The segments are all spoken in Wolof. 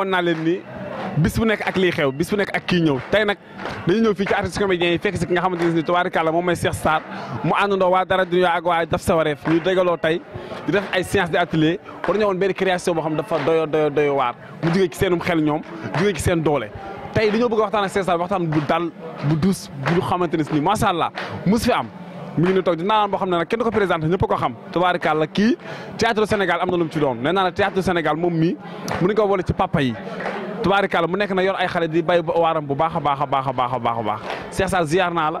woon naa leen ni bis bu nekk ak liy xew bis bu nekk ak kii ñëw tey nag dañu ñëw fii ci artiste comédien yi fekk si ki nga xamante ni tubaarikàlla moom mooy Cheikh Sarr mu àndandoo waa dara dunya ak waa daf sa wareef ñu dégaloo tey di def ay séance de atelier war ñëwoon benn création boo xam dafa doyo doyo doyo waar mu jugee ci seenum xel ñoom jugee ci seen doole tey dañoo bëgg waxtaan ak Cheikh Sarr waxtaan bu dal bu dus bu xamante ne si nii macha allah mus fi am mi ngi ni toog di naanaan boo xam ne nag kenn du ko présenté ñëpp ko xam tubaarikàlla kii théâtre Sénégal am na lu mu ci doon nee naa ne théâtre Sénégal moom mii mu ni ko boole ci papa yi tubaarikàlla mu nekk na yor ay xale di bay waaram bu baax baax a baax a baax a baax a baax Cheikh Sall ziar naa la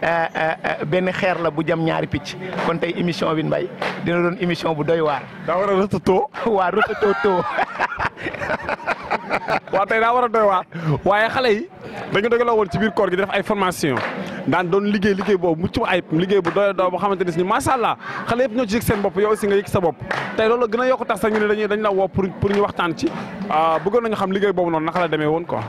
Eh, eh, eh, benn xeer la bu jam ñaari picc kon tey émission bi mbay dina doon émission bu doy waar. daa war a rëtatoo. waa rëtatoo too. waaw tey daa war a doy waar waaye xale yi dañu dagaloo woon ci biir koor gi def ay formation daan doon liggéey liggéey boobu mucc ayib liggéey bu doy doo boo xamante ne si macha allah xale yëpp ñoo ci yëg seen bopp yow aussi nga yëg sa bopp tey loolu gën a yokk tax sax ñu ne dañuy dañ la woo pour pour ñu waxtaan ci ah, bëggoon nañu xam liggéey boobu noonu na la demee woon quoi.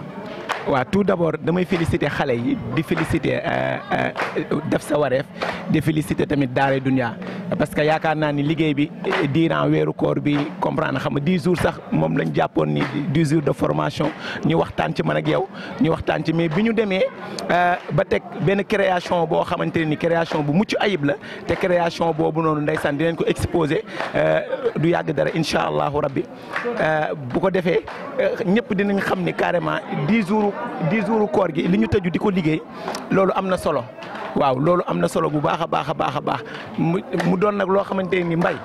waaw tout d'abord damay féliciter xale yi di féliciter euh, euh, def sa wareef di tamit Daara Dunya parce que yaakaar naa ni liggéey bi eh, durant weeru koor bi comprendre xam nga dix jours sax moom lañ jàppoon ni dix jours de formation ñu waxtaan ci man ak yow ñu waxtaan ci mais bi ñu demee euh, ba teg benn création boo xamante ni création bu mucc ayib la te création boobu noonu ndeysaan dinañ ko exposé euh, du yàgg dara incha allahu rabbi euh, bu ko defee ñëpp dinañ xam ni carrément dix jours dix jours koor gi li ñu tëju di ko liggéey loolu am na solo waaw loolu am na solo bu baax a baax a baax a baax doon nag loo xamante ni mbay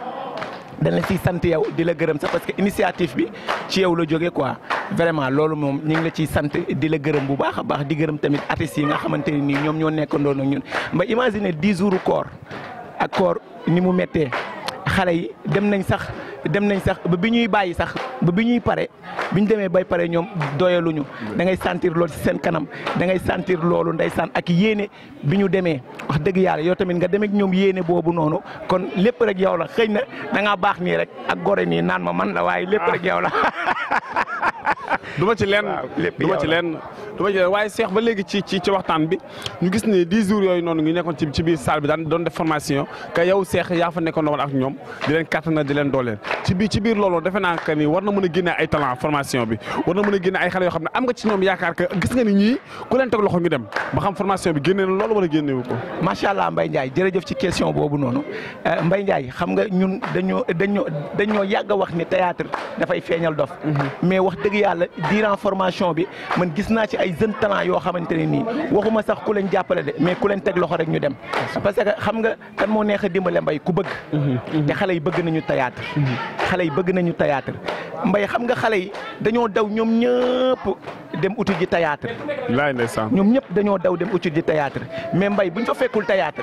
dañ la ciy sant yow di la gërëm sax parce que initiative bi ci yow la jógee quoi vraiment loolu moom ñu ngi la ciy sant di la gërëm bu baax a baax di gërëm tamit artistes yi nga xamante ni ñoom ñoo nekkandoo ak ñun mbay imagine 10 jours koor ak koor ni mu méttee. xale yi dem nañ sax dem nañ sax ba bi ñuy bàyyi sax ba bi ñuy pare bi ñu demee bay pare ñoom doyaluñu mm. da ngay sentir loolu ci seen kanam da sentir loolu ndeysaan ak yéene bi ñu demee wax dëgg yàlla yow tamit nga demee ñoom yéene boobu noonu kon lépp rek yow la xëy na da baax nii rek ak gore nii naan ma man la waaye lépp rek yow la du ma ci lenn waaye Cheikh ba léegi ci waxtaan bi ñu gis ne 10 jours yooyu noonu ngi nekkoon ci ci biir salle bi daan doon def formation que yow Cheikh yaa fa nekkoon woon ak ñoom di leen na di leen dooleel ci biir ci biir loolu defe naa que ni war na mën a génne ay talent formation bi war na mën a génne ay xale yoo xam ne am nga ci ñoom yaakaar que gis nga ni ñii ku leen teg loxo ñu dem ba xam formation bi génne na loolu wala génnewu ko macha allah Mbaye euh, dañoo dañoo wax ni théâtre dafay feeñal dof mhm. diiran formation bi man gis naa ci ay jeunes talent yoo xamante ne nii waxuma sax ku leen jàppale de mais ku leen teg loxo rek ñu dem parce que xam nga kan moo neex a dimbale mbay ku bëgg mhm, mhm. te xale yi bëgg nañu théâtre mhm. xale yi bëgg nañu théâtre mbay xam nga xale yi dañoo daw ñoom ñëpp dem uti ji théâtre laay ndeysaan ñoom ñëpp dañoo daw dem uti ji théâtre mais mbay bu ñu fa fekkul théâtre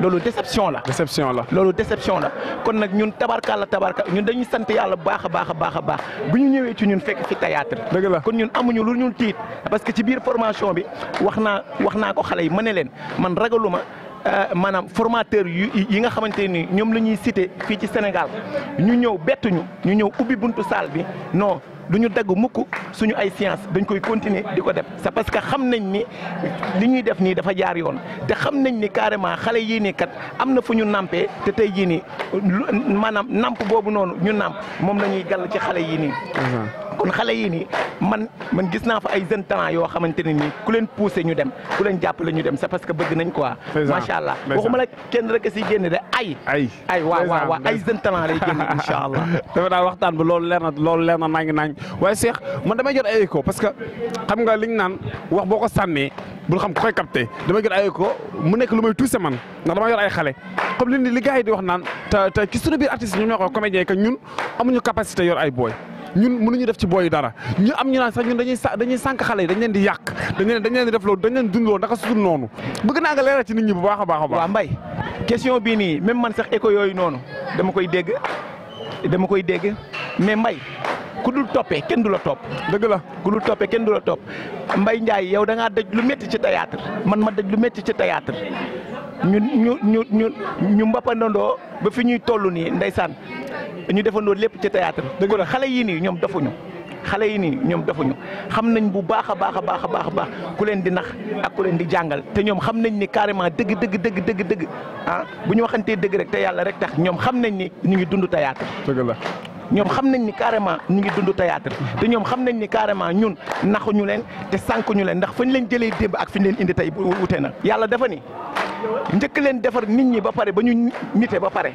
loolu déception la déception la loolu déception la kon nag ñun tabarka la tabarka ñun dañuy sant yàlla baax a baax a baax a baax bu ñu ñëwee ci ñun fekk fi théâtre dëgg kon ñun amuñu lu ñun tiit parce que ci biir formation bi wax naa wax naa ko xale yi ma ne leen man ragaluma euh, maanaam formateur yi nga xamante ni ñoom la ñuy cité fii ci Sénégal ñu ñëw bettuñu ñu ñëw ubbi buntu saal bi non du ñu dagg mukk suñu ay science dañ koy continuer di ko def c'est parce que xam nañ ni li ñuy def nii dafa jaar yoon te xam nañ ni carrément xale yii nii kat am na fu ñu nampee te tey jii nii maanaam namp boobu noonu ñu namp moom la ñuy gàll ci xale yii nii. Uh-huh. kon xale yii nii man man gis naa fa ay jeunes talent yoo xamante ne nii ku leen poussé ñu dem ku leen jàppale ñu dem c'est parce que bëgg nañ quoi. macha allah waxuma la kenn rek si génn de ay. ay ay waaw waaw ay jeunes talent lay génn incha allah. dafa naa waxtaan bi loolu leer na bi waaye Cheikh man damay jot ay écho parce que xam nga liñ naan wax boo ko sànnee bul xam ku koy capté damay jot ay écho mu nekk lu may tuuse man ndax dama yor ay xale comme li li gars yi di wax naan te te ci sunu biir artiste ñun ñoo ko comédien yi que ñun amuñu capacité yor ay booy. ñun mënuñu def ci booy dara ñu am ñu naan sax ñun dañuy dañuy sànq xale yi dañ leen di yàq dañ leen dañ leen di def loolu dañ leen dundloo naka su dul noonu bëgg naa nga leeral ci nit ñi bu baax a baax a baax. waaw Mbaye bii nii même man sax écho yooyu noonu dama koy dégg dama koy dégg mais mbay ku dul toppee kenn du la topp. dëgg la ku dul toppee kenn du la topp mbay Ndiaye yow da ngaa daj lu métti ci théâtre man ma daj lu métti ci théâtre ñu ñu ñu ñu ñu mbapandandoo ba fi ñuy toll nii ndeysaan ñu defandoo lépp ci théâtre dëgg la xale yii nii ñoom dofuñu xale yi nii ñoom defuñu xam nañ bu baax a baax a baax a baax a baax ku leen di nax ak ku leen di jàngal te ñoom xam nañ ni carrément dëgg dëgg dëgg dëgg dëgg ah bu ñu waxantee dëgg rek te yàlla rek tax ñoom xam nañ ni ñu ngi dund théâtre dëgg la ñoom xam nañ ni carrément ñu ngi dund théâtre te ñoom xam nañ ni carrément ñun naxuñu leen te sànkuñu leen ndax fañ leen jëlee démb ak fu ñu leen indi tey wute na yàlla dafa ni njëkk leen defar nit ñi ba pare ba ñu nite ba pare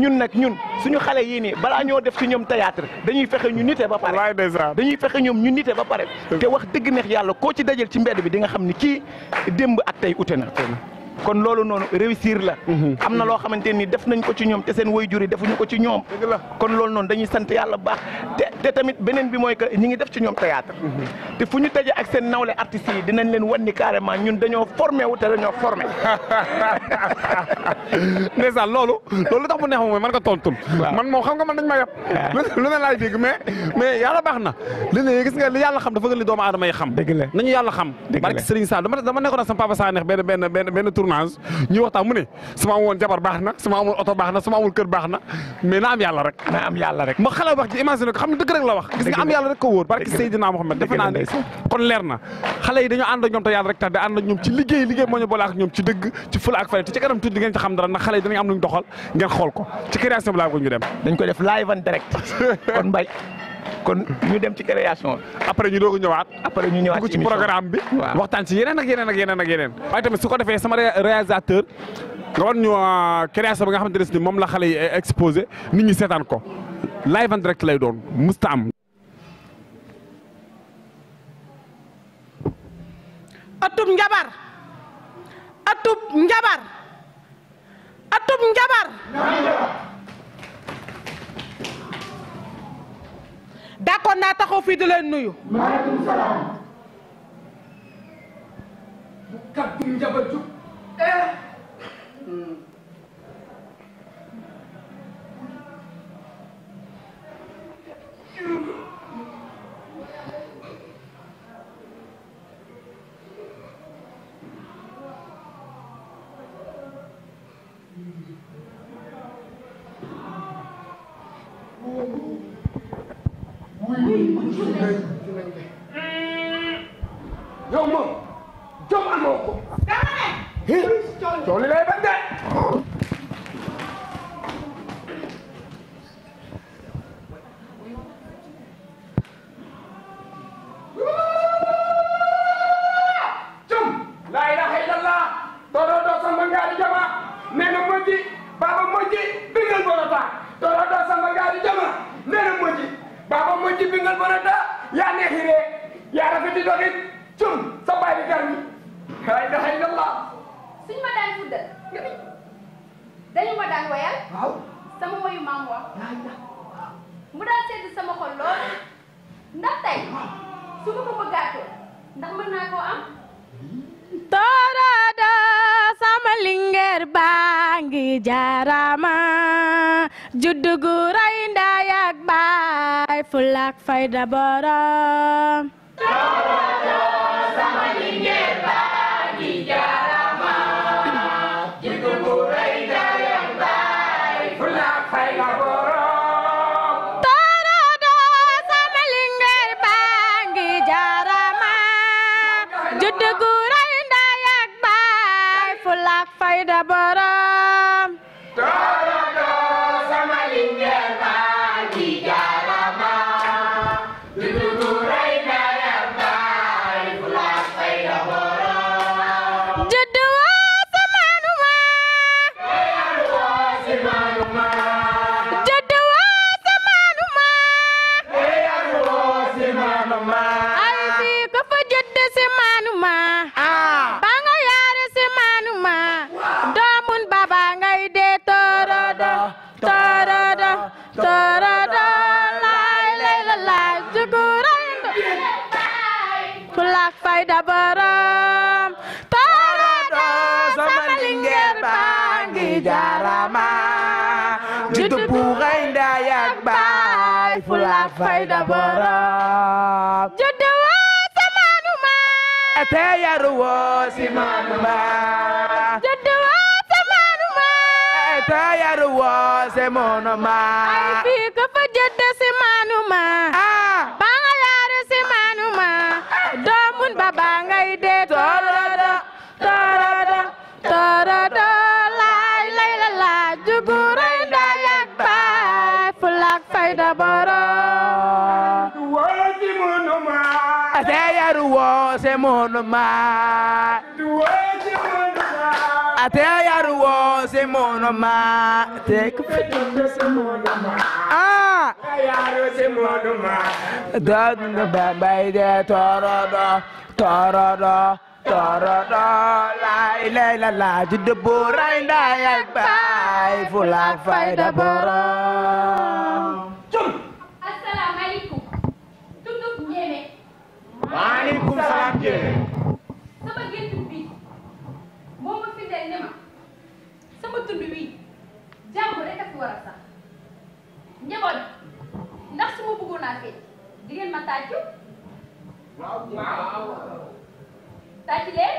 ñun nag ñun suñu xale yii nii balaa ñoo def ci ñoom théâtre dañuy fexe ñu nite ba pare dañuy fexe ñoom ñu nite ba pare te wax dëgg neex yàlla koo ci dajal ci mbedd bi di nga xam ni kii démb ak tey ute na kon loolu noonu réussir la mhm. am na loo xamante ni def nañ ko ci ñoom te seen way juri defuñu ko ci ñoom kon loolu noonu dañuy sant yàlla bu baax te te tamit beneen bi mooy que ñi ngi def ci ñoom théâtre mhm. te fu ñu tëjee ak seen nawle artistes yi dinañ leen wan ni carrément ñun dañoo formé wu te dañoo formé ndeysaan loolu loolu tax mu neex mooy man nga tontul man moom xam nga man dañ ma yab ah. lu ne laay dégg mais yàlla baax na li ne gis nga li yàlla xam dafa gën li doomu chômage ñuy waxtaan mu ne su ma jabar baax na su ma amoon oto baax na su ma amoon kër baax na mais na am yàlla rek na xale yi dañoo ànd ñoom te yàlla rek tax da ànd ñoom ci liggéey liggéey moo ñu ñoom ci dëgg ci fula ak fay te ci ngeen ci xam dara ndax xale yi danañ am luñ doxal ngeen xool ko ci création bi laa ko dem dañ ko def live en direct kon mbay kon ñu dem ci création après ñu dogu ñëwaat. après ñu ñëwaat ci programme bi. waxtan ci yeneen ak yeneen ak yeneen ak yeneen. way tamit su ko defee sama réalisateur nga won ñu euh, création bi nga xamanteni ne mom la xalé yi euh, nit ñi sétane ko live and direct lay doon mustam am. atub njabar atub njabar atub njabar. d'accord naa taxaw fii di leen nuyu. maaleykum salaam. bu kaddu njabootu. eh. Hmm. yow moom jom amoo ko. dama ne. coono lay ba de. I da da. fayda borom juddu woo si maanuma te yaru woo si maanuma juddu woo si maanuma te si maanuma ay fii nga yaru si maanuma doomun ba ba ngay dee I monoma ate yaruwo se monoma take ah yaruwo se monoma dadu no baba ide torodo torodo torodo la ile la la jide bora inda ya bai fula faida bora waaleykum salaam jërëjëf. sama gént bi moo ma fi ne ma sama tund wi jàmm rek a fi war a sax njaboot ndax su ma bëggoon a fee di ngeen ma tàccu. waaw waaw tàcc leen.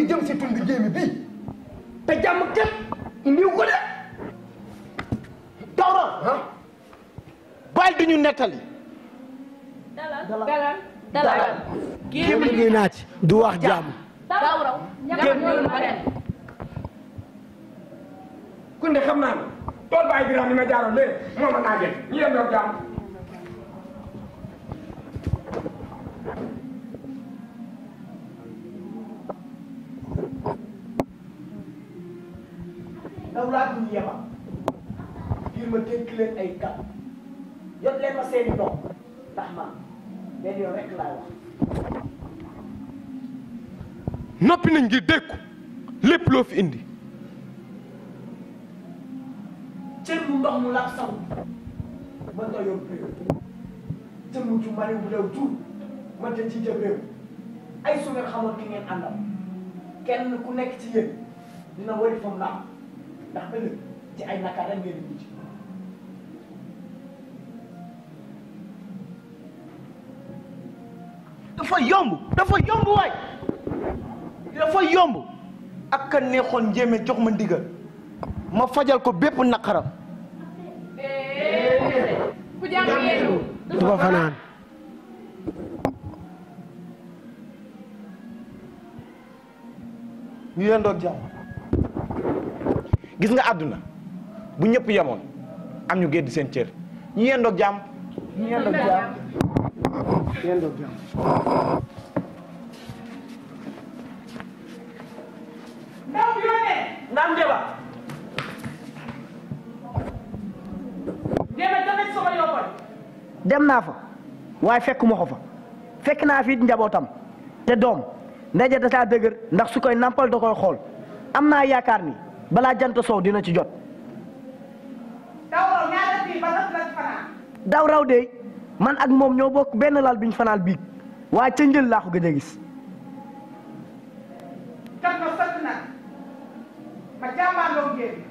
ngir jëm si tund jéemi bii te jàmm képp indiw ko de tawra baal di ñu nettali dalal dalal dalal géem liggéey naa ci du wax jàmm tawra kunde xam naa ne tool baay biraam ni ma jaaroon léegi mooma naa jël ñu yem doog jàmm leen ay kàddu yot leen ma seen i doom ndax ma benn yoon rek laa wax noppi nañ ngir loo fi indi cër bu ndox mu laab saw mën nga yóbbu réew jëmm ju mari bu lew tuur mën ta ci jëm réew ay su ngeen xamoon ki ngeen àndal kenn ku nekk ci yéen dina wari fam laam ndax ëllëg ci ay nakaar rek ngeen dafa yomb dafa yomb waay dafa yomb ak kan neexoon njéeme jox ma ndigal ma fajal ko bépp naqaram du fa fanaan ñu yendoog jàmm gis nga àdduna bu ñëpp yemoon am ñu gédd seen cër ñu yendoog jàmm ngeen doog dem naa fa waaye fekkuma ko fa fekk naa fi njabootam te doom ndaje da dëgër ndax su koy nampal da koy xool am naa yaakaar ni balaa jant soow dina ci jot. daw raw ñaata man ak mom ñoo bok ben lal biñ fanal bi wa waaye ca njël laa ko gëna gis. kan ma sant naa ma jàmbaarloo ngeen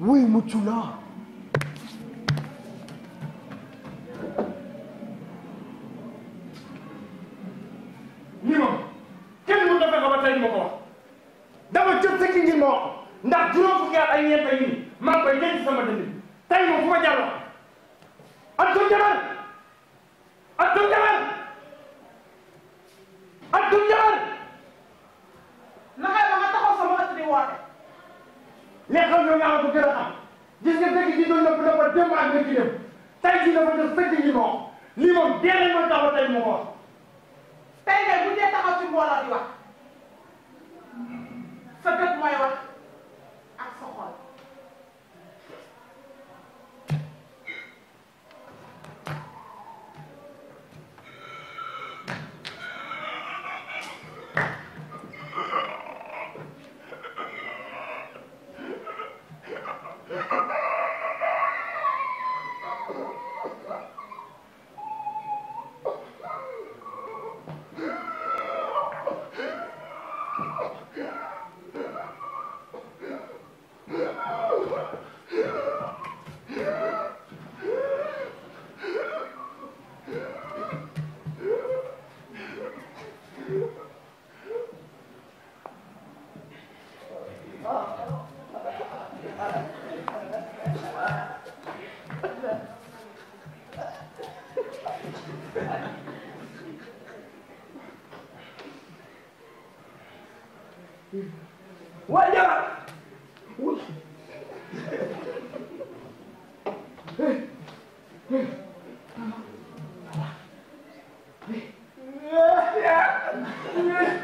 wuy mucc naa li xam ñoo ñaaw ko gën a xam gis nga dëkk gi doon nëpp dafa démb ak nga ci dem tey jii dafa def fekk ñi moom lii moom déedéet ma taxaw tey moo ko wax. tey nag bu dee taxaw ci mbooloo di wax sa dëkk mooy wax.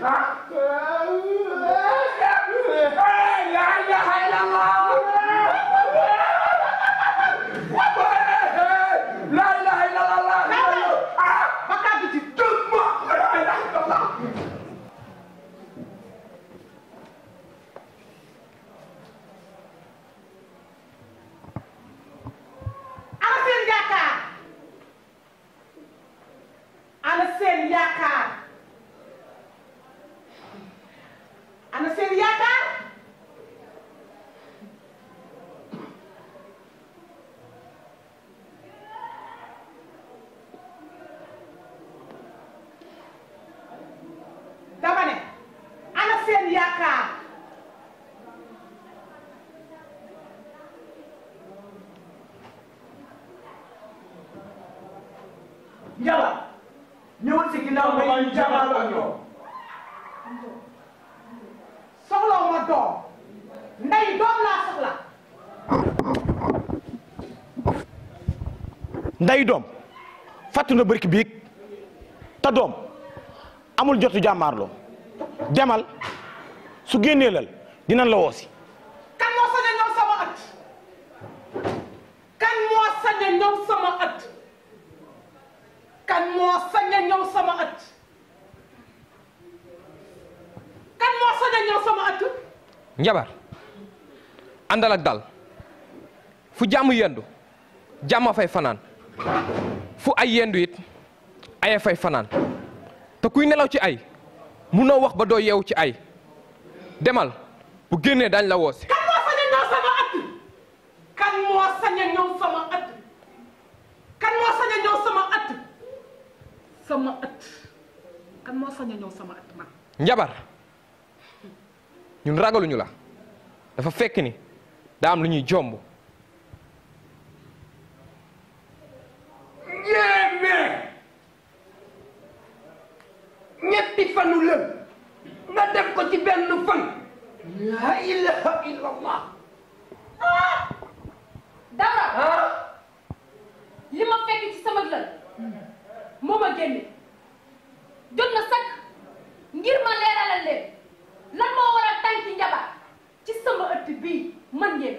huh? yàlla doom fàtt na bërk biig te doom amul jotu jàmmaarloo demal su génnee lal dinañ la woosi kan moo sañ dal fu jàmm yendu jàmm fay fanaan fu ay yenduwit it aye fay fanaan te kuy nelaw ci ay munoo wax ba doo yeewu ci ay demal bu génnee dañ la woose sama ëtt kan moo sañ a ñëw sama ëtt man. njabar ñun ragaluñu la dafa fekk ni daa am lu ñuy jomb. jéeme ñetti fanu lëm nga def ko ci benn fan. la ilaha illallah. Ah! dara. Ah! li ma fekk ci sama lël. Hmm. moo ma génne jot na sakk ngir ma leeralal leen lan moo war a tànki njabar ci sama ëtt bii man ngeen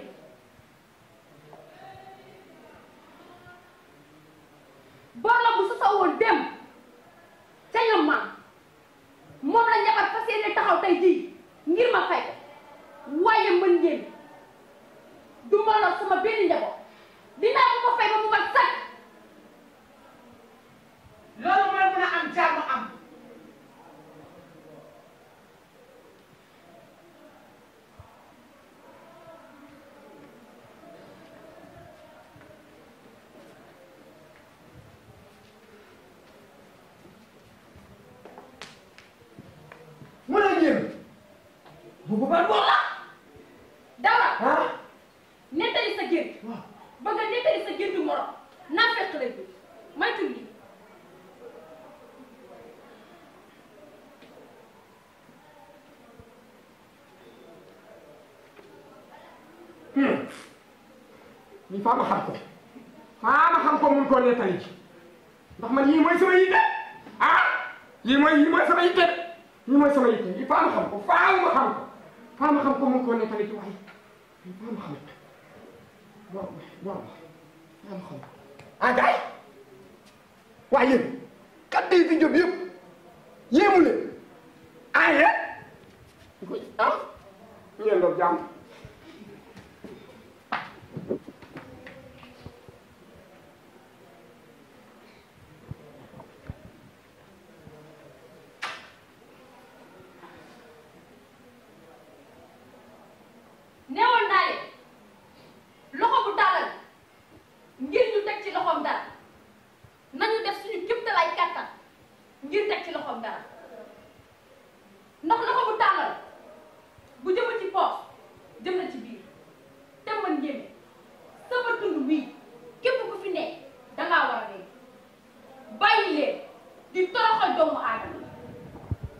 bu boobaa la. dara. ah. nettali sa gént. waaw ba nga nettali sa géntu morom naa fekk lay déglu moytu lii. ñu hmm. faa ma xam ko faa ma xam ko mun koo nettali ci ndax man yii mooy sama yitte ah yii mooy yii mooy yi ma xam ko faa faa a xam ko mën koo nettali ci wax yi faa ma xam boo boo faa ma xam ah gars yi waaye yéen kaddu yi fi jóg yëpp yéemu ah yéen ah ñu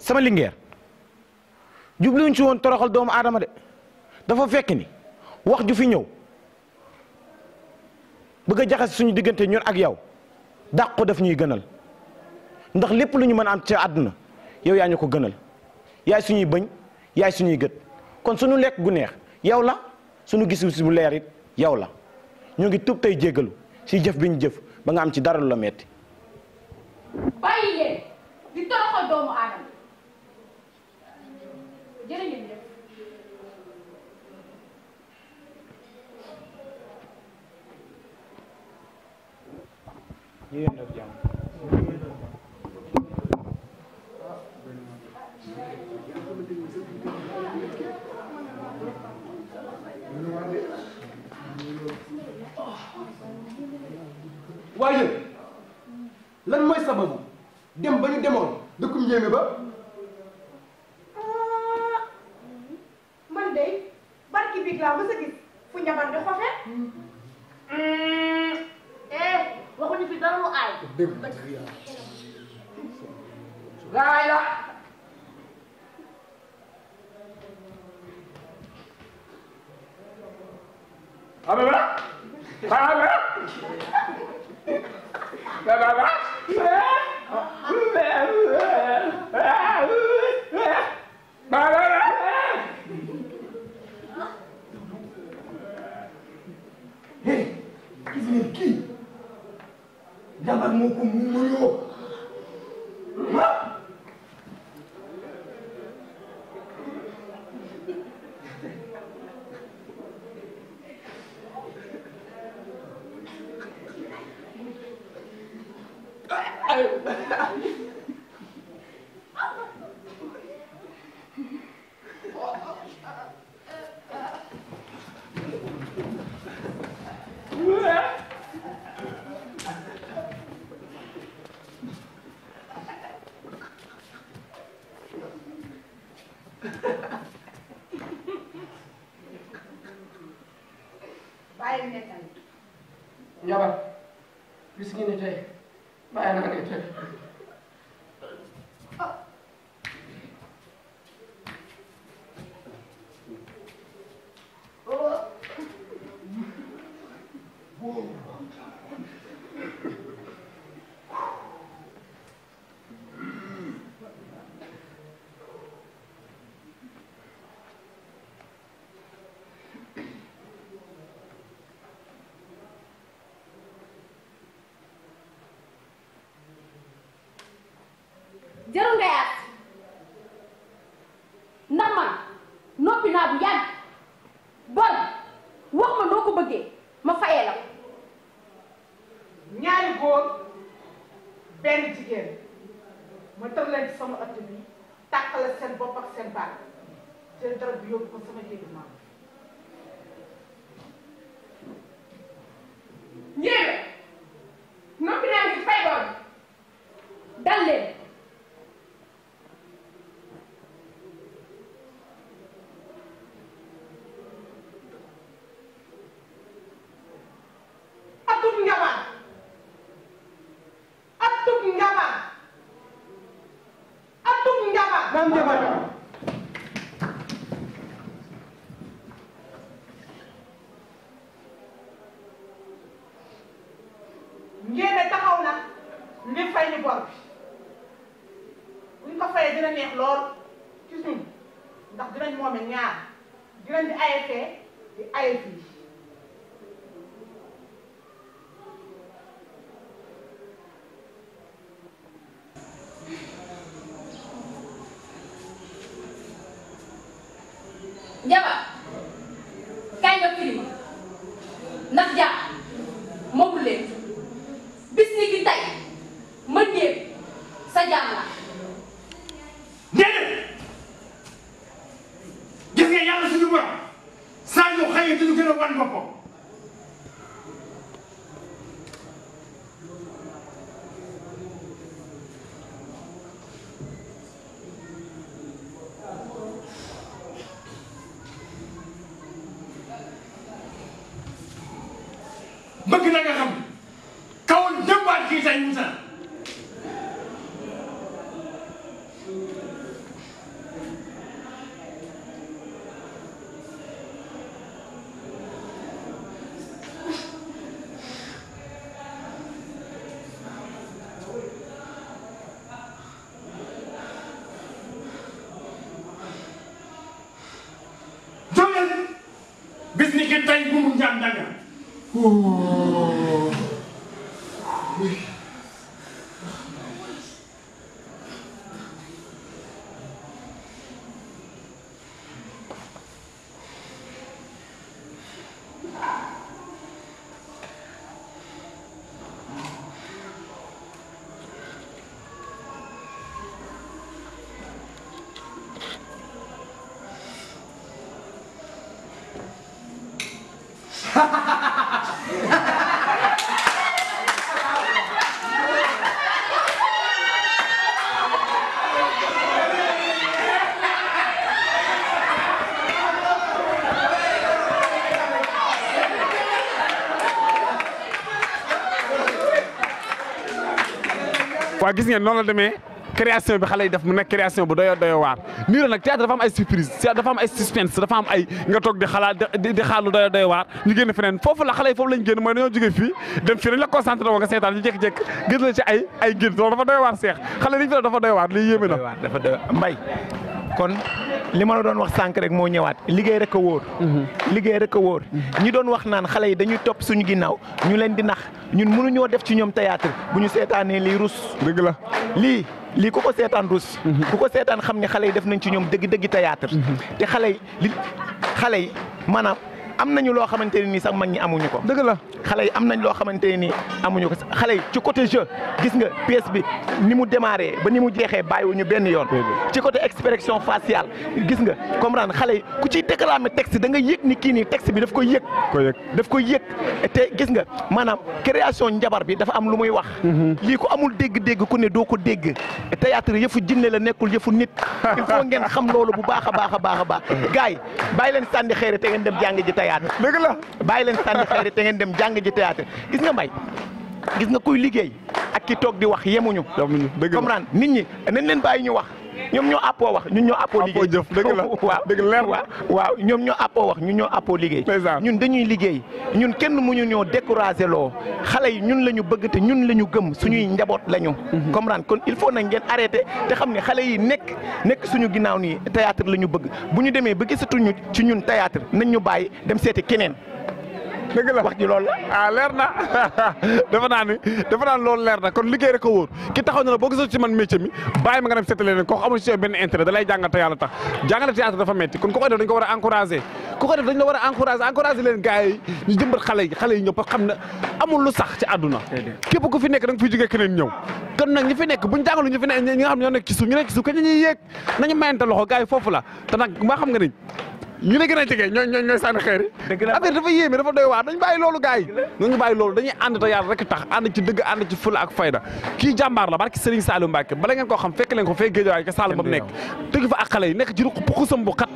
sama lingeer jubluñ ci won toroxal doom adama de dafa fekk ni wax ju fi ñew bëgg jaxass suñu digënté ñun ak yaw daqku daf ñuy gënal ndax lepp luñu mëna am ci aduna yaw yañu ko gënal yaay suñuy bëñ yaay suñuy gëtt kon suñu lek gu neex yaw la suñu gis-gis bu leer it yaw la ñu ngi tup tay jéggalu si jëf biñu jëf ba nga am ci dara lu la metti bàyyi di toroxal doomu adama jërëjëf ñu yéen ak jàmm waaye lan mooy sababu dem ba ñu demoon dëkkum njéeme ba oh. jarul ngay àgg ndax noppi naa bu yàgg bor wax ma noo ko bëggee ma fayee la ko. ñaari góor jigéen ma tër leen ci sama ëtt bi tàqale seen bopp ak seen baat bi yóbbu ko sama jéggi maam. ñebe. bëgg na nga xam kawoon démbaat kii tey Moussa waaw gis ngeen noonu la demee création bi xale yi def mu nekk création bu doyoo doyoo waar nii la nag théâtre dafa am ay surprise dafa am ay suspense dafa am ay nga toog di xalaat di xaar lu doyoo waar ñu feneen foofu la xale yi foofu lañ génn mooy dañoo jógee fii dem fii dañ la concentré woo nga seetaan ñu jékki-jékk gis la ci ay ay génn loolu dafa doyoo waar seex xale yi dafa doyoo waar lii yéeme na. dafa doyoo mbay li ma la doon wax sànq rek moo ñëwaat liggéey rek a wóor. Mhm. liggéey rek a wóor. Mhm. ñi doon wax naan xale yi dañuy topp suñu ginnaaw ñu leen di nax ñun mënuñoo def ci ñoom théâtre bu ñu seetaanee lii rus. dëgg la lii lii ku ko seetaan rus. Mhm. ku ko seetaan xam ne xale yi def nañ ci ñoom dëgg-dëgg théâtre te xale yi li xale yi maanaam. am nañu loo xamante ne nii sax mag ñi amuñu ko. dëgg la xale yi am nañ loo xamante ne nii amuñu ko xale yi ci côté jeu gis nga pièce bi ni mu démarré ba ni mu jeexee bàyyiwuñu benn yoon. ci côté expression faciale gis nga comprendre xale yi ku ciy déclamer texte da nga yëg ni kii nii texte bi daf koy yëg. daf koy yëg te gis nga maanaam création njabar bi dafa am lu muy wax. Mhm. lii ko amul dégg-dégg ku ne doo ko dégg théâtre yëfu jinne la nekkul yëfu nit. il faut ngeen xam loolu bu baax a baax a baax a baax. bàyyi leen sànni xeer te ngeen dem jàng ji tey théâtre dëgg la bàyyi leen sànni xeer te ngeen dem jàng ji théâtre gis nga mbay gis nga koy liggéey ak ki toog di wax yemuñu comprendre nit ñi nañ leen bàyyi ñu wax ñoom ñoo àppoo wax ñun ñoo àppoo liggéey àppoo jëf dëgg la waaw dëgg leer waaw waaw ñoom ñoo àppoo wax ñun ñoo àppoo liggéey ñun dañuy liggéey ñun kenn muñu ñoo découragé loo xale yi ñun la ñu bëgg te ñun la ñu gëm suñuy mhm. njaboot la ñu mhm. comprendre kon il faut na ngeen arrêté te xam ne xale yi nekk nekk suñu ginnaaw nii théâtre la ñu bëgg bu ñu demee ba gisatuñu ci ñun théâtre nañ ñu bàyyi dem seeti keneen dëgg la wax ji loolu ah, leer na naa ni dafa naa loolu leer na kon liggéey rek ko ki taxaw na la boo gisoo ci man métier mi bàyyi ma nga dem seetale leen koo amul ci benn intérêt da lay jàngal te yàlla tax jàngale théâtre dafa metti kon ku koy def dañ war a encouragé ku koy def dañ war a encouragé encouragé leen gars yi ñu jëmbat xale yi xale yi ñëpp xam ne amul lu sax ci àdduna képp ku fi nekk da nga fiy jógee keneen ñëw kon nag ñi fi nekk bu jàngalu ñu fi nekk ñi nga xam ne ñoo nekk ci suuf ñu nekk ci suuf kañ la te nag maa xam nga ñu ne gën a jege ñooy ñooy ñooy a xeer yi affaire dafa yéeme dafa doy waar dañ bàyyi loolu gars yi nañu bàyyi loolu dañuy ànd te yàlla rek tax ànd ci dëgg ànd ci fula ak fayda kii jàmbaar la barki Serigne Saliou Mbacke bala ngeen koo xam fekk leen ko fee géejëwaay ke Saliou ba mu nekk dëgg fa ak xale yi nekk ci ruq pukusam bu xat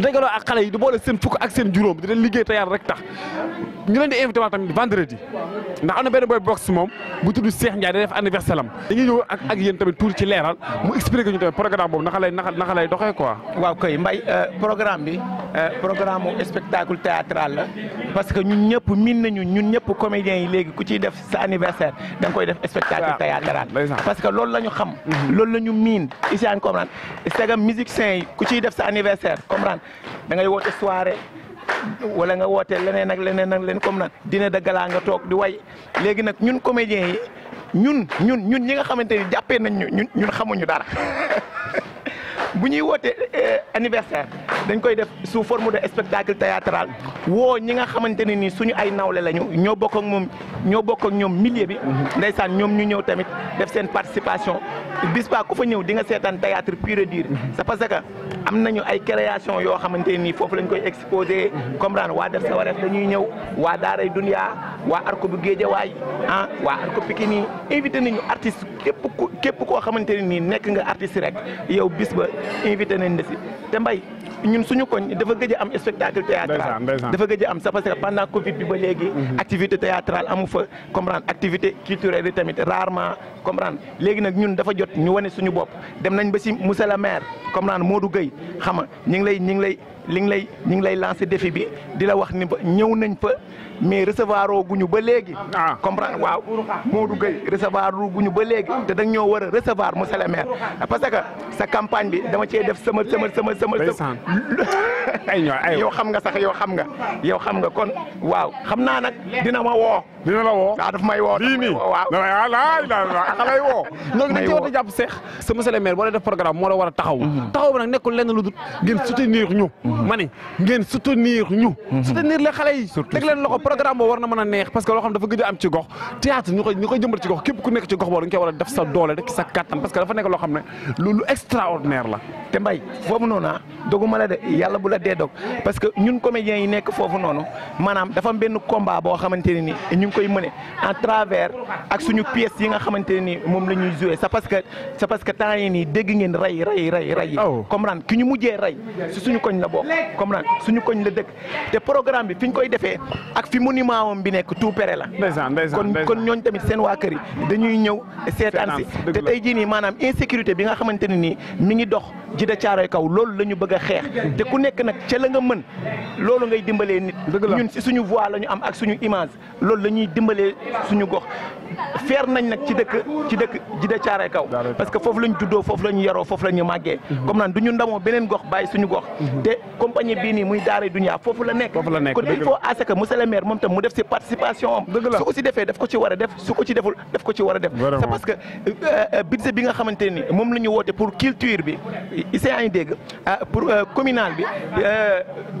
dégaloo ak xale di boole seen fukk ak seen juróom di leen liggéey te yàlla rek tax ñu leen di invité waat tamit vendredi ndax am na benn boy box moom bu tudd Cheikh Ndiaye def anniversaire am dañuy ñëw ak ak yéen tamit tuuti ci leeral mu expliqué ñu tamit programme boobu naka lay naka lay waaw koy mbay euh, programme bi euh, programme mu spectacle théâtral la parce que ñun ñëpp miin nañu ñun ñëpp comédiens yi léegi ku ciy def sa anniversaire da koy def spectacle théâtral parce que loolu la ñu xam. Mhm. loolu la ñu miin i comprendre c'est que musiciens yi ku ciy def sa anniversaire comprendre da wala nga woote leneen ak leneen ak leen comme nag dina da galaa nga toog di way léegi nag ñun comédiens yi ñun ñun ñun ñi nga xamante ni jàppee nañ ñu ñun ñun xamuñu dara bu ñuy wootee eh, anniversaire dañ koy def sous forme de spectacle théâtral woo ñi nga xamante ne nii suñu ay nawle lañu ñoo bokk ak moom ñoo bokk ak ñoom millier bi. ndeysaan ñoom ñu ñëw tamit def seen participation bis ba ku fa ñëw di nga seetaan théâtre pur et dur. c'est parce que am nañu ay création yoo xamante ne nii foofu lañ koy exposé. comprendre waa def sa wareef dañuy ñëw waa daaray Dunia waa arko bu Géejawaay ah waa arko Pikine invité nañu artiste képp ku képp koo xamante ne nii nekk nga artiste rek yow bis ba. invité nañ la si te mbay ñun suñu koñ dafa gëj a am spectacle théâtral dafa gëj am sax parce que pendant Covid bi ba léegi. Mhm. activité théâtrale amu fa comprendre activité culturelle yi tamit rarement comprendre léegi nag ñun dafa jot ñu wane suñu bopp dem nañ ba si monsieur le maire comprendre Modou Gueye xam nga ñu ngi lay ñu ngi lay. li ngi lay ñu ngi lay lancé défi bi di wax ni ba ñëw nañ fa mais recevoir guñu ba léegi. ah comprendre waaw Modou Gueye recevoir ba léegi te dañ ñoo war a recevoir monsieur le parce que sa campagne bi dama cee def sama sama sama sama. ay ñooy ay yow xam nga sax yow xam nga yow xam nga kon waaw xam naa nag dina ma woo. dina la woo waaw daf may woo. lii nii waaw waaw ah, da lay woo. may woo ñooñu dañ a jàpp seex. sa monsieur le maire boo def programme moo la war a taxaw. Mhm. taxaw bi nag nekkul lenn lu dul ngeen soutenir ñu. ma ni ngeen soutenir ñu mhm. soutenir la xale yi teg leen loxo programme boobu war na mën a neex parce que loo xam dafa gëj a am ci gox théâtre ñu koy jëmbat ci gox képp ku nekk ci gox boobu war a def sa doole rek sa kàttan parce que dafa nekk loo xam ne loolu extraordinaire la te mbay foofu noonu ah, doguma la de yàlla bu la dee dog parce ñun comédiens yi nekk foofu noonu maanaam dafa am benn combat boo xamante ne ni ñu ngi koy mëne à travers ak suñu pièces yi nga xamante ne ni moom la ñuy joué c'est parce que c'est parce que temps yi bokk comme naan suñu koñ la dëkk te programme bi fi ñu koy defee ak fi monument am bi nekk tout près la kon kon ñooñ tamit seen waa kër dañuy ñëw seetaan si te tey jii maanaam insécurité bi nga xamante ne nii mi ngi dox ji da caara kaw loolu la ñu bëgg a xeex te ku nekk nag ca la nga mën loolu ngay dimbalee nit ñun si suñu voix la ñu am ak suñu image loolu la ñuy dimbalee suñu gox feer nañ nag ci dëkk ci dëkk ji da caaroy kaw parce que foofu la juddoo foofu la ñu yaroo foofu la ñu màggee mhm. comme naan du ñu ndamoo beneen gox bàyyi suñu gox mhm. te compagnie bii nii muy daara dunia fofu la nekk kon il faut assez que monsieur le maire mom tam mu def si participation am su ko si defee daf ko ci wara def su ko ci deful def ko ci wara def c'est parce que euh, euh, budget bi nga xamanteni mom lañu la pour culture bi isé yaa ngi dégg ah, pour euh, communal bi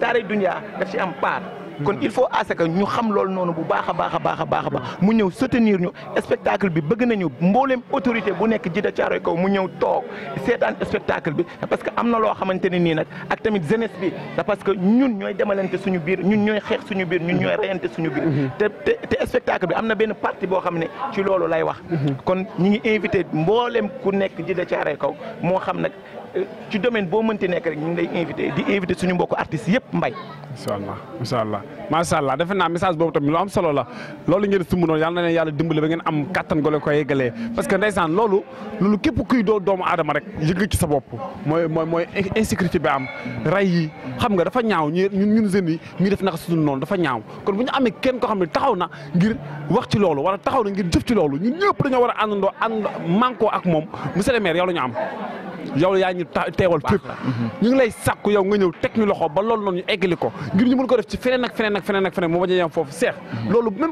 daara dunia daf ci am part kon il faut à que ñu xam loolu noonu bu baax a baax a baax a baax mu ñëw soutenir ñu spectacle bi bëgg nañu mbooleem autorité bu nekk Djida Thiaroye Kaw mu ñëw toog seetaan spectacle bi parce que am na loo xamante ne nii nag ak tamit jeunesse bi parce que ñun ñooy demalante suñu biir ñun ñooy xeex suñu biir ñun ñooy reyante suñu biir mhm. te spectacle bi am na benn partie boo xam ne ci loolu lay wax mhm. kon ñi ngi invité mbooleem ku nekk Djida Thiaroye Kaw moo xam nag ci domaine boo mënti nekk rek ñu ngi lay invité di invité suñu mbokku artistes yëpp mbay incha allah allah macha allah defe naa message boobu tamit lu am solo la loolu ngeen sumb noonu yàlla na leen yàlla dimbale ba ngeen am kattan gole ko yeggalee parce que ndeysaan loolu loolu képp kuy doo doomu aadama rek yëg ci sa bopp mooy mooy mooy insécurité bi am rey yi xam nga dafa ñaaw ñu ñun ñun jeunes yi ñuy def naka suñu noonu dafa ñaaw kon bu ñu amee kenn koo xam ne taxaw na ngir wax ci loolu wala taxaw na ngir jëf ci loolu ñun ñëpp dañoo war a àndandoo ànd mànkoo ak moom monsieur le maire yow la ñu am ñu teewal fépp ñu lay sàkku yow nga ñëw teg ñu loxo ba loolu noonu ñu eggali ko ngir ñu mën ko def ci feneen ak feneen ak feneen ak feneen moo a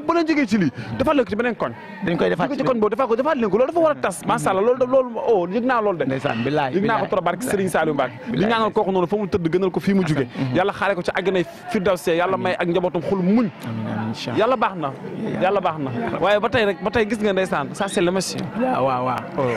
ba leen jógee ci ko defaat leen ko loolu dafa war a tas mu mm-hmm. xul muñ yàlla baax na waaye ba tey gis nga ndeysaan ça c'est le monsieur waaw oh.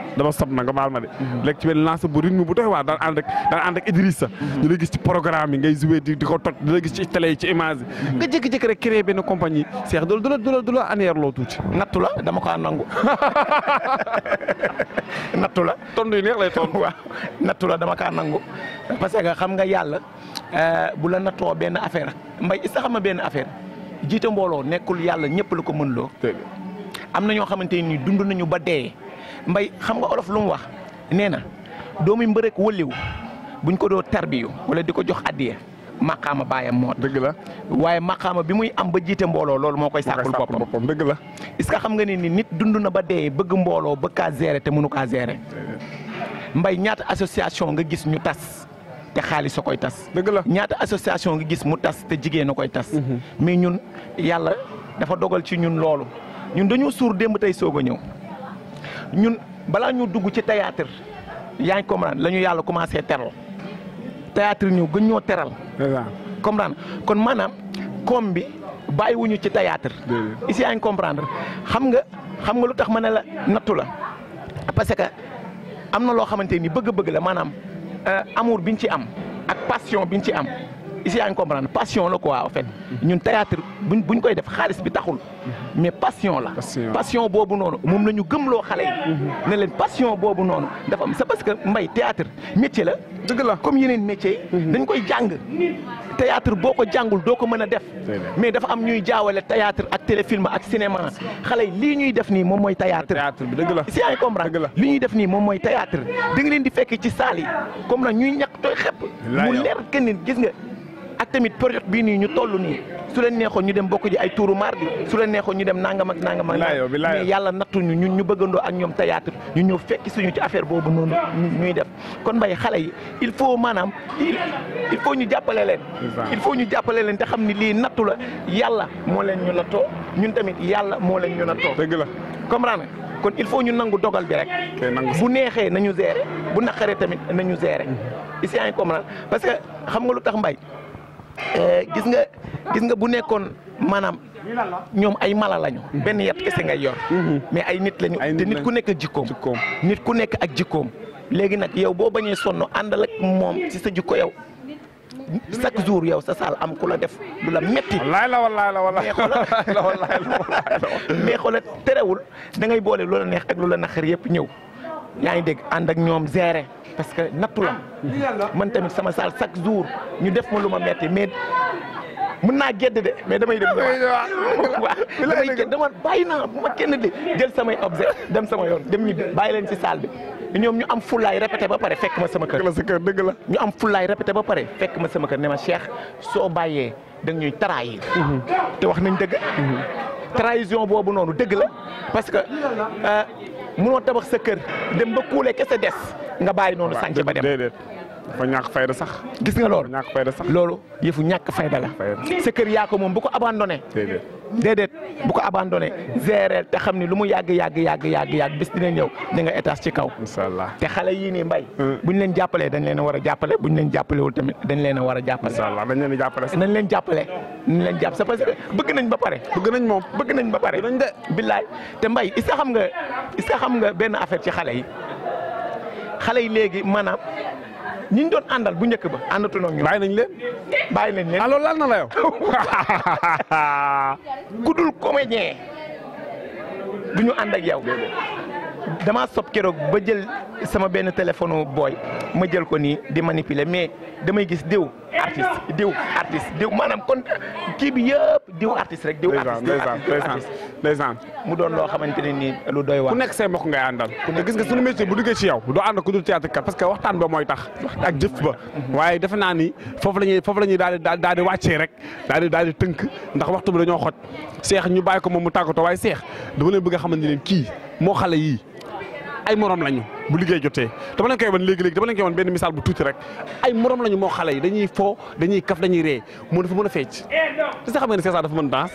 dama sob na nga baal ma de léegi ci benn lancé bu rythme bu doy waar daan ànd ak daan ànd ak Idrissa programme yi ngay joué di di ko toj di lay gis ci télé yi ci image yi nga jékki-jékki rek créé benn compagnie seex doolu dula dula dula aneer loo tuuti nattu la dama ko nangu nattu la tontu yu neex lay tontu nattu la dama kaa nangu parce que xam nga yàlla euh, bu la nattoo benn affaire mbay is xam nga benn affaire jiite mbooloo nekkul yàlla ñëpp la ko mën loo na ñoo xamante ni dund nañu ba dee mbay xam nga olof lu mu wax nee na doomi mbërëk wëlliw buñ ko doo tarbiyu wala di ko jox addiye maqaama baayam moo dëgg la waaye maqaama bi muy am ba jiite mbooloo loolu moo koy sàkkul boppam dëgg la est-ce que xam nga ni nit dund na ba dee bëgg mbooloo ba kaa gérer te mënu kaa gérer mbay ñaata association nga gis ñu tas te xaalis soo koy tas dëgg la ñaata association nga gis mu tas te jigéen a koy tas mhm. mais ñun yàlla dafa dogal ci ñun loolu ñun dañoo suur démb tey soog a ñëw ñun balaa ñu dugg ci théâtre yaa ngi comprendre la ñu yàlla commencé teral théâtre ñëw gën ñoo teral. comprendre kon maanaam koom bi bàyyiwuñu ci théâtre ici yaa ngi comprendre xam nga xam nga lu tax ma ne la nattu la parce que am na loo xamante ni bëgg-bëgg la maanaam euh, bi biñ ci am ak bi biñ ci am. Ici, yaa comprendre passion la quoi en fait ñun théâtre buñ buñ koy def bi taxul mais passion la passion boobu noonu moom la ñu gëmloo xale yi mhm. leen passion boobu noonu dafa am c'est parce que mbay théâtre métier la dëgg la comme un métier yi mhm. dañ koy jàng théâtre boo ko jàngul doo ko a def mais dafa am ñuy jaawale théâtre ak téléfilm ak cinéma xale yi lii ñuy def ni, moom mooy théâtre bi dëgg la si yaa ngi comprendre li ñuy def nii moom théâtre da nga leen di fekk ci salle n'y comme que ñuy ñàkk tooy xepp mu leer kenn gis nga ak tamit période bii nii ñu toll nii su leen neexoon ñu dem bokk ji ay tuuru mardi su leen neexoon ñu dem nangam ak nangam ak mais yàlla nattuñu ñun ñu bëggandoo ak ñoom théâtre ñu ñëw fekki suñu ci affaire boobu noonu ñuy def kon mbay xale yi il faut maanaam il faut ñu jàppale leen il faut ñu jàppale leen te xam ni lii nattu la yàlla moo leen ñu nattoo ñun tamit yàlla moo leen ñu nattoo dëgg la comprendre kon il faut ñu nangu dogal bi rek bu neexee nañu gérer bu naqaree tamit nañu gérer ici mm-hmm. yaa ngi comprendre parce que xam nga lu tax mbay Eh, gis nga gis nga bu nekkoon maanaam ñoom ay mala lañu. Mhm. benn yat kese ngay yor. Mhm. mais ay nit lañu. te nit ku nekk ak jikkoom. nit ku nekk ak jikkoom. léegi nag yow boo bañee sonn àndal ak moom ci sa jikko yow. chaque jour yow sa saal am ku la def lu la metti wallaay la wallaay la wallaay la wallaay la mais xoolal terewul da ngay boole lu la neex ak lu la naqar yëpp ñëw yaa ngi dégg ànd ak ñoom gérer. parce que nattu la ah, man tamit sama saal chaque jour ñu def ma lu ma metti me mun naa gedd de mais damay dem waaw damay bàyyi naa bu ma kenn de jël samay objet dem sama yoon dem ñu bàyyi leen ci saal bi ñoom ñu am fullaay répété ba pare fekk ma sama kër dëgg la ñu am fullaay répété ba pare fekk ma sama kër ne ma Cheikh soo bàyyee da ñuy trahir mhm. te wax nañ dëgg mhm. trahison boobu noonu dëgg la parce que munoo tabax sa kër dem ba kuule kese des nga bàyyi noonu sànc ba dem dafa ñàkk fayda sax. gis nga lool ñàkk fayda sax loolu yëfu ñàkk fayda la. sa ko moom bu ko abandonné. déedéet déedéet bu ko abandonné te xam ni lu mu yàgg yàgg yàgg yàgg yàgg bis dina ñëw di nga étage ci kaw. incha allah te xale yii nii mbay. Hmm. buñ leen jàppalee dañ leen war a jàppale buñ leen jàppalewul tamit dañ leen a war a jàppale. dañ leen a jàppale nañ leen jàppale. nañ leen jàpp c'est parce bëgg nañ ba pare. bëgg nañ moom bëgg nañ ba pare. dinañ de billaay te mbay est-ce xam nga est-ce xam nga benn affaire ci xale yi xale yi léegi maanaam ñi ñu doon àndal bu njëkk ba àndatuloo ak ñoom. bàyyi nañ le bàyyi nañ leen alors lan na la yow. ku dul comédien du ñu ànd ak yow. damaa sob keroog ba jël sama benn téléphone booy ma jël ko nii di manipuler mais damay gis diw artiste diw artiste diw maanaam kon kii bi yëpp diw artiste rek diw artiste ndeysaan mu doon loo xamante ne nii lu doy waar ku nekk say mbokk ngay àndal te gis nga suñu métier bu duggee si yow doo ànd ku dul théâtre kat parce que waxtaan ba mooy tax ak jëf ba mhm. waaye defe naa ni foofu la ñuy foofu la ñuy daal di daal di wàccee rek daal di daal di tënk ndax waxtu bi dañoo xoj seex ñu bàyyi ko moom mu tàggatoo waaye seex dama leen bëgg a xamante ne kii moo xale yii ay morom lañu bu liggéey jotee dama leen koy wan léegi-léegi dama leen koy wan benn misaal bu tuuti rek ay morom a xam ne César dafa mën danse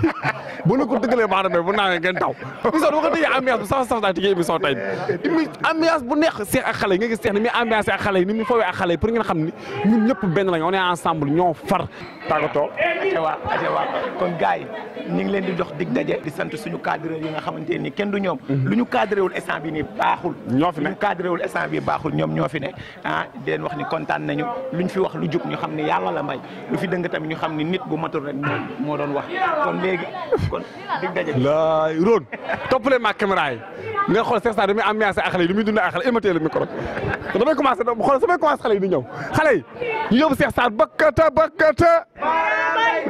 bu la ko dëggalee baax na mais taw émission dama ko tëjee ambiance bu saf bu neex seex yi nga gis seex ni muy ambiance ak muy foowee ak xale yi pour ngeen xam ni ñun ñëpp benn lañu on est ensemble ñoo far tàggatoo kon gars yi ñu ngi leen di jox dig daje di sant suñu cadreur yi nga xamante ni kenn du ñoom mm-hmm. lu ñu cadré wul instant bi ni baaxul ñoo fi ne cadre wul instant bi baaxul ñoom ñoo fi ne ah di leen wax ni kontaan nañu luñ fi wax lu jub ñu xam ne yàlla la may lu fi dëng tamit ñu xam ne nit bu matul rek moo doon wax kon léegi kon dig daje laay roon toppalee ma caméra yi nga xool Cheikh Sarr damay ambiancé ak xale yi lu muy dund ak xale yi imité le micro te damay commencé xool samay commencé xale yi di ñëw xale yi ñu yóbbu Cheikh Sarr bakkata bakkata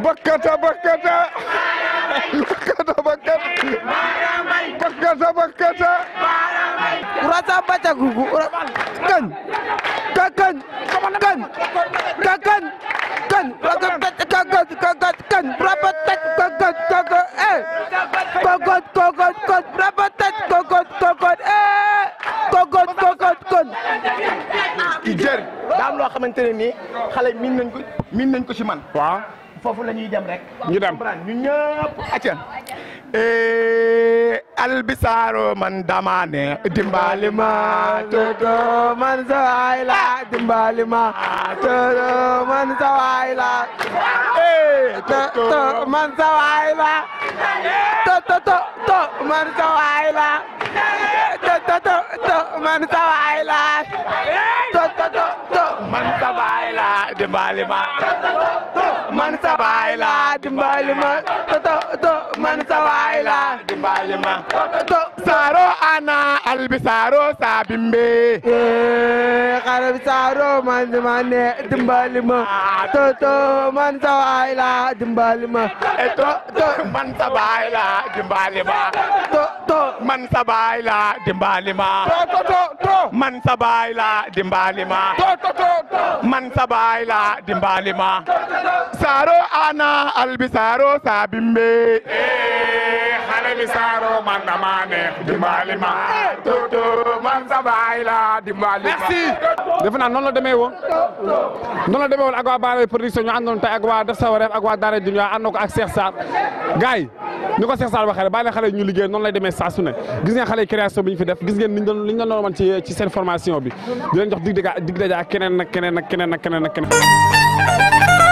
bakkata bakkata bakkata bakkata casa, pra casa. Parabéns! Ura, tá, Gugu. Ura, kan, kan, kan, kan, kan, kan, can. Can, can. Can, can. Can, can. Can, can. Eh! Kokot, kokot, kokot. Rapatet, kokot, kokot. Eh! Kokot, kokot, kokot. Kijer, dam lo xamanteni ni xalé min nañ ko min nañ ko ci man waaw foofu la ñuy dem rek. ñu dem e, man damane dimbali ma toto man man sawayla e, toto man e, to man sawayla toto to man sawayla man sa baay laa dimbali ma man sa baay laa eh, dimbali ma to to man sa baay laa dimbali ma eh, to saaro ana albi saaro sabimbe xarabi saaro man dimane dimbali ma to to man sa baay laa dimbali ma to to man sa baay laa dimbali ma to to man sa baay laa dimbali ma to to to man sa baay laa dimbali ma to to man sabaay la dimbalima saro ana albisaro sabimbe halami eh, saro man damane dimbalima toto man sabaay la dimbalima merci defe naa noonu la demee woon la demee woon ak production ñu àndoon tey ak def sa wareef ak waa daara ji ñu ànd ko ak Cheikh Sarr gars yi ni ko Cheikh Sarr waxee rek bàyyi la demee saa su ne gis ngeen xale création bi fi def gis ngeen niñ doon liñ doon mën ci ci seen formation bi di leen jox dig ¡No, no, no! na